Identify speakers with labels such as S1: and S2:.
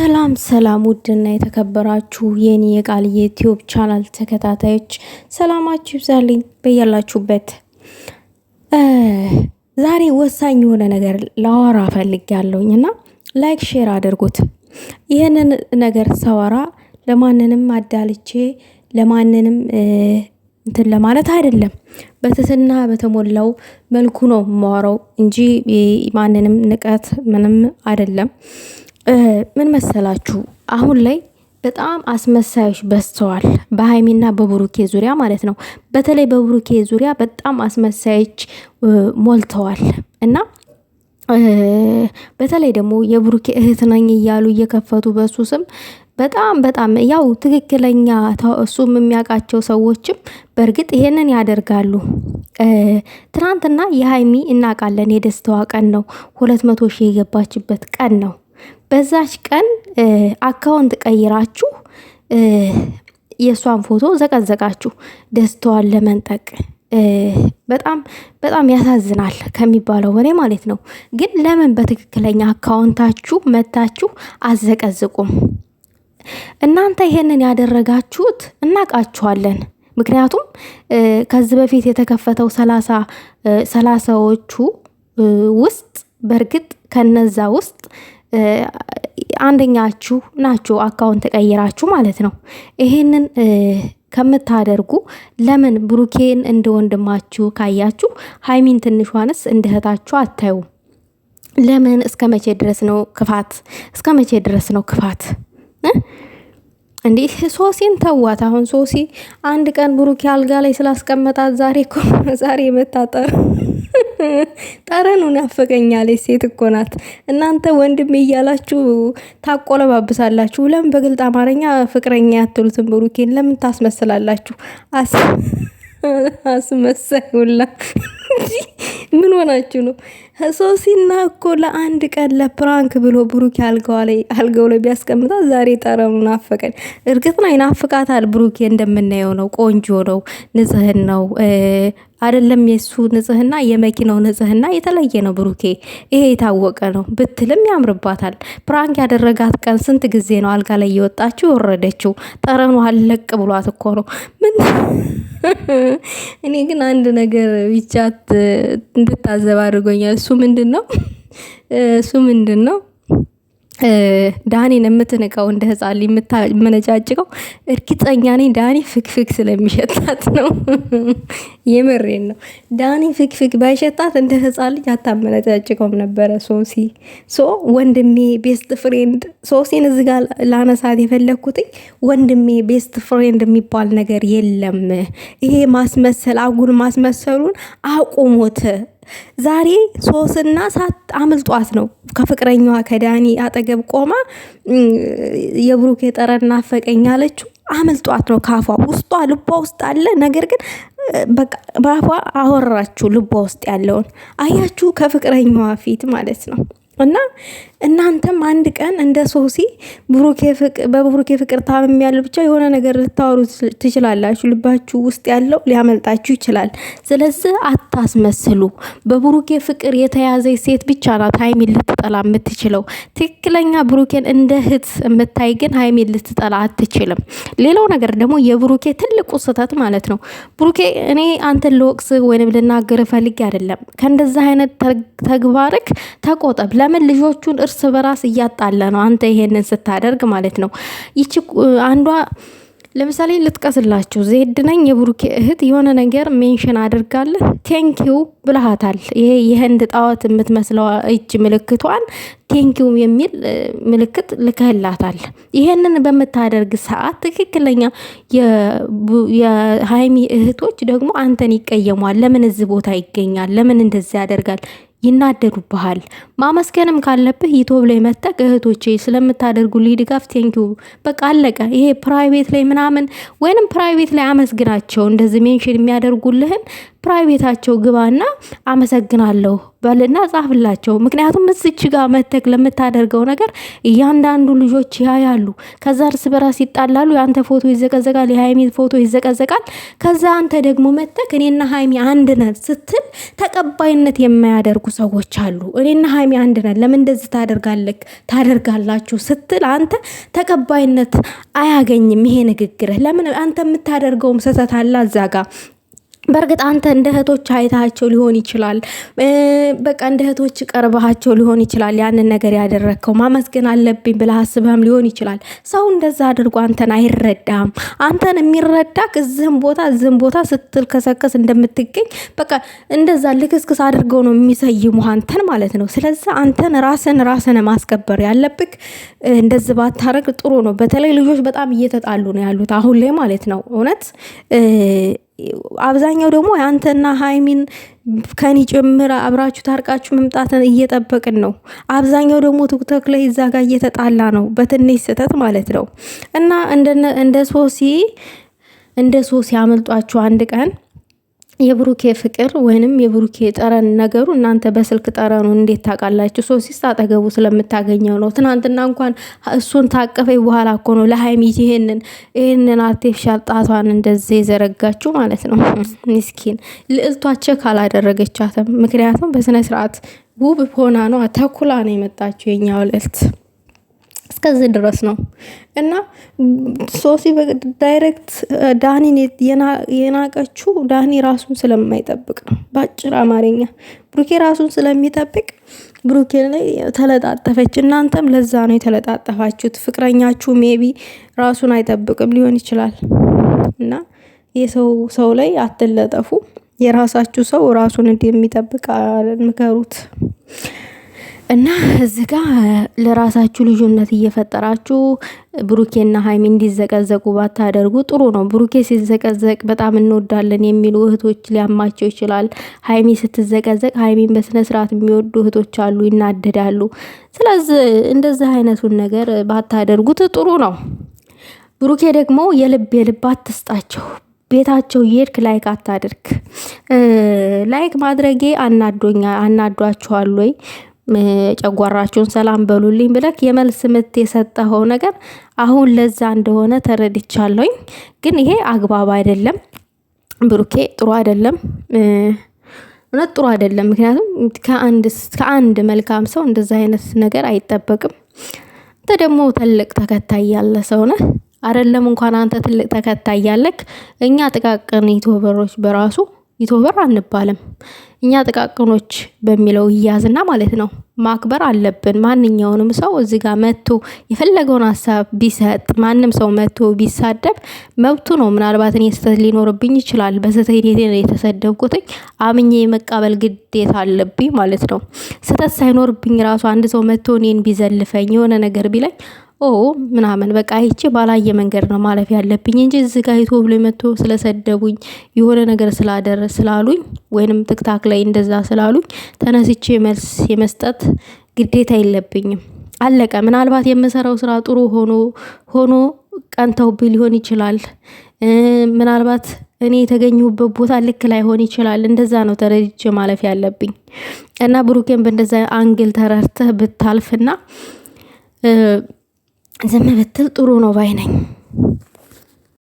S1: ሰላም ሰላም ውድና የተከበራችሁ የኔ የቃል የዩቲዩብ ቻናል ተከታታዮች ሰላማችሁ ይብዛልኝ በያላችሁበት። ዛሬ ወሳኝ የሆነ ነገር ላወራ ያለውኝ እና ላይክ ሼር አድርጉት። ይህንን ነገር ሳወራ ለማንንም አዳልቼ ለማንንም እንትን ለማለት አይደለም። በትትና በተሞላው መልኩ ነው የማወራው እንጂ ማንንም ንቀት ምንም አይደለም። ምን መሰላችሁ አሁን ላይ በጣም አስመሳዮች በዝተዋል። በሀይሚና በብሩኬ ዙሪያ ማለት ነው። በተለይ በብሩኬ ዙሪያ በጣም አስመሳዮች ሞልተዋል እና በተለይ ደግሞ የብሩኬ እህት ነኝ እያሉ እየከፈቱ በሱ ስም በጣም በጣም ያው ትክክለኛ እሱም የሚያውቃቸው ሰዎችም በእርግጥ ይሄንን ያደርጋሉ። ትናንትና የሀይሚ እናውቃለን የደስታዋ ቀን ነው፣ ሁለት መቶ ሺህ የገባችበት ቀን ነው። በዛች ቀን አካውንት ቀይራችሁ የእሷን ፎቶ ዘቀዘቃችሁ ደስታዋን ለመንጠቅ በጣም በጣም ያሳዝናል ከሚባለው በላይ ማለት ነው። ግን ለምን በትክክለኛ አካውንታችሁ መታችሁ አዘቀዝቁም? እናንተ ይሄንን ያደረጋችሁት እናውቃችኋለን። ምክንያቱም ከዚህ በፊት የተከፈተው ሰላሳዎቹ ውስጥ በእርግጥ ከነዛ ውስጥ አንደኛችሁ ናችሁ አካውንት ተቀይራችሁ ማለት ነው። ይሄንን ከምታደርጉ ለምን ብሩኬን እንደ ወንድማችሁ ካያችሁ ሀይሚን ትንሿንስ እንደ እህታችሁ አታዩም? ለምን እስከ መቼ ድረስ ነው ክፋት? እስከ መቼ ድረስ ነው ክፋት? እንዲህ ሶሲን ተዋት። አሁን ሶሲ አንድ ቀን ብሩኬ አልጋ ላይ ስላስቀመጣት ዛሬ ዛሬ መታጠር ጠረኑ ናፈቀኛል። ሴት እኮ ናት። እናንተ ወንድም እያላችሁ ታቆለባብሳላችሁ። ለምን በግልጥ አማርኛ ፍቅረኛ ያትሉትን ብሩኬን ለምን ታስመስላላችሁ? አስመሳይ ምን ሆናችሁ ነው? ሶሲና እኮ ለአንድ ቀን ለፕራንክ ብሎ ብሩኬ አልገው ላይ ቢያስቀምጣት ዛሬ ጠረኑ ናፈቀን። እርግጥ ነው ይናፍቃታል። ብሩኬ እንደምናየው ነው፣ ቆንጆ ነው፣ ንጽህን ነው አይደለም የሱ ንጽህና የመኪናው ንጽህና የተለየ ነው። ብሩኬ ይሄ የታወቀ ነው ብትልም ያምርባታል። ፕራንክ ያደረጋት ቀን ስንት ጊዜ ነው አልጋ ላይ የወጣችው የወረደችው? ጠረኑ አለቅ ብሏት እኮ ነው። ምን እኔ ግን አንድ ነገር ብቻ እንድታዘብ አድርጎኛል። እሱ ምንድን ነው እሱ ምንድን ነው ዳኔን የምትንቀው እንደ ህፃን የምታመነጫጭቀው እርግጠኛ ነኝ ዳኔ ፍክፍክ ስለሚሸጣት ነው። የምሬን ነው። ዳኔ ፍክፍክ ባይሸጣት እንደ ህፃን ልጅ አታመነጫጭቀውም ነበረ። ሶሲ ሶ ወንድሜ ቤስት ፍሬንድ ሶሲን እዚ ጋር ላነሳት የፈለግኩትኝ ወንድሜ ቤስት ፍሬንድ የሚባል ነገር የለም። ይሄ ማስመሰል አጉል ማስመሰሉን አቁሙት። ዛሬ ሶስና ሳት አምልጧት ነው ከፍቅረኛዋ ከዳኒ አጠገብ ቆማ የብሩክ የጠረን ናፈቀኝ አለችው። አምልጧት ነው ካፏ። ውስጧ ልቧ ውስጥ አለ ነገር ግን በአፏ አወራችሁ ልቧ ውስጥ ያለውን አያችሁ፣ ከፍቅረኛዋ ፊት ማለት ነው። እና እናንተም አንድ ቀን እንደ ሶሲ በብሩኬ ፍቅር ታምም ያለው ብቻ የሆነ ነገር ልታወሩ ትችላላችሁ። ልባችሁ ውስጥ ያለው ሊያመልጣችሁ ይችላል። ስለዚህ አታስመስሉ። በብሩኬ ፍቅር የተያዘ ሴት ብቻ ናት ሀይሚን ልትጠላ የምትችለው። ትክክለኛ ብሩኬን እንደ እህት የምታይ ግን ሀይሚን ልትጠላ አትችልም። ሌላው ነገር ደግሞ የብሩኬ ትልቁ ስህተት ማለት ነው። ብሩኬ እኔ አንተን ልወቅስ ወይንም ልናገር ፈልጌ አይደለም። ከእንደዚህ አይነት ተግባርክ ተቆጠብ። ለምን ልጆቹን እርስ በራስ እያጣለ ነው? አንተ ይሄንን ስታደርግ ማለት ነው። ይቺ አንዷ ለምሳሌ ልጥቀስላችሁ፣ ዜድ ነኝ የብሩኬ እህት የሆነ ነገር ሜንሽን አድርጋለህ ቴንኪው ብልሃታል። ይሄ የህንድ ጣዖት የምትመስለው እጅ ምልክቷን ቴንኪው የሚል ምልክት ልክህላታል። ይሄንን በምታደርግ ሰዓት ትክክለኛ የሀይሚ እህቶች ደግሞ አንተን ይቀየሟል። ለምን እዚህ ቦታ ይገኛል? ለምን እንደዚህ ያደርጋል? ይናደዱብሃል። ማመስገንም ካለብህ ዩቱብ ላይ መጠቅ እህቶቼ ስለምታደርጉልኝ ድጋፍ ቴንኪዩ፣ በቃ አለቀ። ይሄ ፕራይቬት ላይ ምናምን ወይንም ፕራይቬት ላይ አመስግናቸው። እንደዚህ ሜንሽን የሚያደርጉልህን ፕራይቬታቸው ግባና አመሰግናለሁ በልና ጻፍላቸው። ምክንያቱም እዚች ጋር መተክ ለምታደርገው ነገር እያንዳንዱ ልጆች ያያሉ። ከዛ እርስ በራስ ይጣላሉ። የአንተ ፎቶ ይዘቀዘቃል፣ የሀይሚ ፎቶ ይዘቀዘቃል። ከዛ አንተ ደግሞ መተክ እኔና ሀይሚ አንድ ነን ስትል ተቀባይነት የማያደርጉ ሰዎች አሉ። እኔና ሀይሚ አንድ ነን ለምን እንደዚህ ታደርጋለክ ታደርጋላችሁ ስትል አንተ ተቀባይነት አያገኝም ይሄ ንግግርህ። ለምን አንተ የምታደርገውም ስህተት አለ እዛ ጋር በእርግጥ አንተ እንደ እህቶች አይታቸው ሊሆን ይችላል። በቃ እንደ እህቶች ቀርበሃቸው ሊሆን ይችላል። ያንን ነገር ያደረግከው ማመስገን አለብኝ ብለህ አስበህም ሊሆን ይችላል። ሰው እንደዛ አድርጎ አንተን አይረዳም። አንተን የሚረዳክ እዚህም ቦታ እዚህም ቦታ ስትልከሰከስ እንደምትገኝ በቃ እንደዛ ልክስክስ አድርገው ነው የሚሰይሙ አንተን ማለት ነው። ስለዚህ አንተን ራስን ራስን ማስከበር ያለብክ እንደዚህ ባታረግ ጥሩ ነው። በተለይ ልጆች በጣም እየተጣሉ ነው ያሉት አሁን ላይ ማለት ነው እውነት አብዛኛው ደግሞ አንተና ሀይሚን ከኒ ጭምር አብራችሁ ታርቃችሁ መምጣትን እየጠበቅን ነው። አብዛኛው ደግሞ ቲክቶክ ላይ እዛ ጋር እየተጣላ ነው፣ በትንሽ ስህተት ማለት ነው እና እንደ ሶሲ እንደ ሶሲ ያመልጧችሁ አንድ ቀን የብሩኬ ፍቅር ወይንም የብሩኬ ጠረን ነገሩ እናንተ በስልክ ጠረኑ እንዴት ታውቃላችሁ? ሶሲስ አጠገቡ ስለምታገኘው ነው። ትናንትና እንኳን እሱን ታቀፈ በኋላ እኮ ነው ለሀይሚ ይህንን ይህንን አርቴፊሻል ጣቷን እንደዚ የዘረጋችው ማለት ነው። ምስኪን ልዕልቷቸ ካላደረገቻትም፣ ምክንያቱም በስነ ስርዓት ውብ ሆና ነው ተኩላ ነው የመጣችው የኛው ልዕልት። እስከዚህ ድረስ ነው እና ሶሲ ዳይሬክት ዳኒን የናቀችው ዳኒ ራሱን ስለማይጠብቅ ነው። በአጭር አማርኛ ብሩኬ ራሱን ስለሚጠብቅ ብሩኬ ላይ ተለጣጠፈች። እናንተም ለዛ ነው የተለጣጠፋችሁት። ፍቅረኛችሁ ሜቢ ራሱን አይጠብቅም ሊሆን ይችላል እና የሰው ሰው ላይ አትለጠፉ። የራሳችሁ ሰው ራሱን እንደሚጠብቅ ምከሩት። እና እዚህ ጋ ለራሳችሁ ልዩነት እየፈጠራችሁ ብሩኬና ሀይሚ እንዲዘቀዘቁ ባታደርጉ ጥሩ ነው። ብሩኬ ሲዘቀዘቅ በጣም እንወዳለን የሚሉ እህቶች ሊያማቸው ይችላል። ሀይሚ ስትዘቀዘቅ ሀይሚን በስነ ስርዓት የሚወዱ እህቶች አሉ፣ ይናደዳሉ። ስለዚህ እንደዚህ አይነቱን ነገር ባታደርጉት ጥሩ ነው። ብሩኬ ደግሞ የልብ የልብ አትስጣቸው። ቤታቸው የሄድክ ላይክ አታድርግ። ላይክ ማድረጌ አናዶኛ አናዷችኋል ወይ ጨጓራችሁን ሰላም በሉልኝ ብለክ የመልስ ምት የሰጠኸው ነገር አሁን ለዛ እንደሆነ ተረድቻለሁኝ። ግን ይሄ አግባብ አይደለም ብሩኬ፣ ጥሩ አይደለም እውነት ጥሩ አይደለም። ምክንያቱም ከአንድ መልካም ሰው እንደዛ አይነት ነገር አይጠበቅም። አንተ ደግሞ ትልቅ ተከታይ ያለ ሰው ነህ አይደለም? እንኳን አንተ ትልቅ ተከታይ ያለክ እኛ ጥቃቅን ዩቱበሮች በራሱ ይቶበር አንባልም። እኛ ጥቃቅኖች በሚለው እያዝና ማለት ነው ማክበር አለብን። ማንኛውንም ሰው እዚ ጋር መቶ የፈለገውን ሀሳብ ቢሰጥ ማንም ሰው መቶ ቢሳደብ መብቱ ነው። ምናልባት እኔ ስህተት ሊኖርብኝ ይችላል። በስህተቴ ነው የተሰደብኩትኝ አምኜ የመቃበል ግዴታ አለብኝ ማለት ነው። ስህተት ሳይኖርብኝ ራሱ አንድ ሰው መቶ እኔን ቢዘልፈኝ የሆነ ነገር ቢለኝ ኦ ምናምን በቃ ይቺ ባላየ መንገድ ነው ማለፍ ያለብኝ እንጂ እዚህ ጋር ይቶ ብሎ መጥቶ ስለሰደቡኝ የሆነ ነገር ስላደረ ስላሉኝ ወይንም ትክታክ ላይ እንደዛ ስላሉኝ ተነስቼ መልስ የመስጠት ግዴታ የለብኝም። አለቀ። ምናልባት የምሰራው ስራ ጥሩ ሆኖ ሆኖ ቀንተውብ ሊሆን ይችላል። ምናልባት እኔ የተገኘሁበት ቦታ ልክ ላይሆን ይችላል። እንደዛ ነው ተረድቼ ማለፍ ያለብኝ እና ብሩኬን በእንደዛ አንግል ተረድተህ ብታልፍና ዝም ብትል ጥሩ ነው ባይ ነኝ።